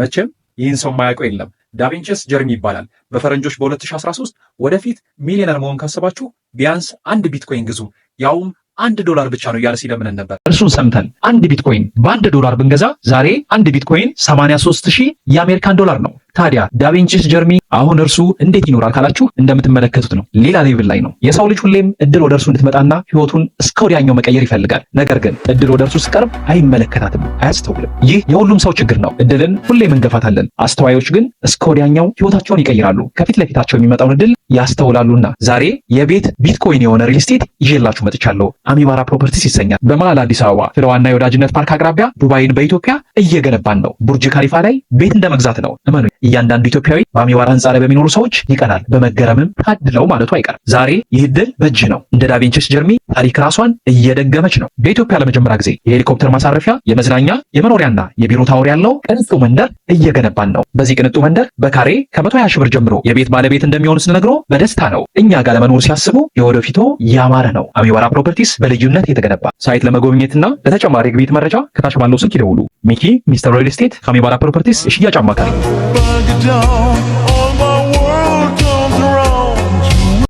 መቼም ይህን ሰው ማያውቀው የለም። ዳቪንቺስ ጀርሚ ይባላል። በፈረንጆች በ2013 ወደፊት ሚሊዮነር መሆን ካሰባችሁ ቢያንስ አንድ ቢትኮይን ግዙ ያውም አንድ ዶላር ብቻ ነው እያለ ሲለምነን ነበር። እርሱን ሰምተን አንድ ቢትኮይን በአንድ ዶላር ብንገዛ ዛሬ አንድ ቢትኮይን 83 ሺህ የአሜሪካን ዶላር ነው። ታዲያ ዳቪንቺስ ጀርሚ አሁን እርሱ እንዴት ይኖራል ካላችሁ እንደምትመለከቱት ነው። ሌላ ሌቭል ላይ ነው። የሰው ልጅ ሁሌም እድል ወደ እርሱ እንድትመጣና ህይወቱን እስከ ወዲያኛው መቀየር ይፈልጋል። ነገር ግን እድል ወደ እርሱ ስቀርብ አይመለከታትም፣ አያስተውልም። ይህ የሁሉም ሰው ችግር ነው። እድልን ሁሌም እንገፋታለን። አስተዋዮች ግን እስከ ወዲያኛው ህይወታቸውን ይቀይራሉ፣ ከፊት ለፊታቸው የሚመጣውን እድል ያስተውላሉና። ዛሬ የቤት ቢትኮይን የሆነ ሪል ስቴት ይዤላችሁ መጥቻለሁ። አሚባራ ፕሮፐርቲስ ይሰኛል። በመሃል አዲስ አበባ ፍለዋና የወዳጅነት ፓርክ አቅራቢያ ዱባይን በኢትዮጵያ እየገነባን ነው። ቡርጅ ካሊፋ ላይ ቤት እንደመግዛት ነው። እመኑ፣ እያንዳንዱ ኢትዮጵያዊ በአሚባራ እዛ በሚኖሩ ሰዎች ይቀናል። በመገረምም ታድለው ማለቱ አይቀርም። ዛሬ ይህ ድል በእጅ ነው። እንደ ዳቪንቺስ ጀርሚ ታሪክ ራሷን እየደገመች ነው። በኢትዮጵያ ለመጀመሪያ ጊዜ የሄሊኮፕተር ማሳረፊያ፣ የመዝናኛ፣ የመኖሪያና የቢሮ ታወር ያለው ቅንጡ መንደር እየገነባን ነው። በዚህ ቅንጡ መንደር በካሬ ከመቶ ሀያ ሺህ ብር ጀምሮ የቤት ባለቤት እንደሚሆን ስነግሮ በደስታ ነው። እኛ ጋር ለመኖር ሲያስቡ የወደፊቱ ያማረ ነው። አሚባራ ፕሮፐርቲስ በልዩነት የተገነባ ሳይት ለመጎብኘትና ለተጨማሪ ግቢት መረጃ ከታች ባለው ስልክ ይደውሉ። ሚኪ ሚስተር ሪል ስቴት ከአሚባራ ፕሮፐርቲስ ሽያጭ አማካሪ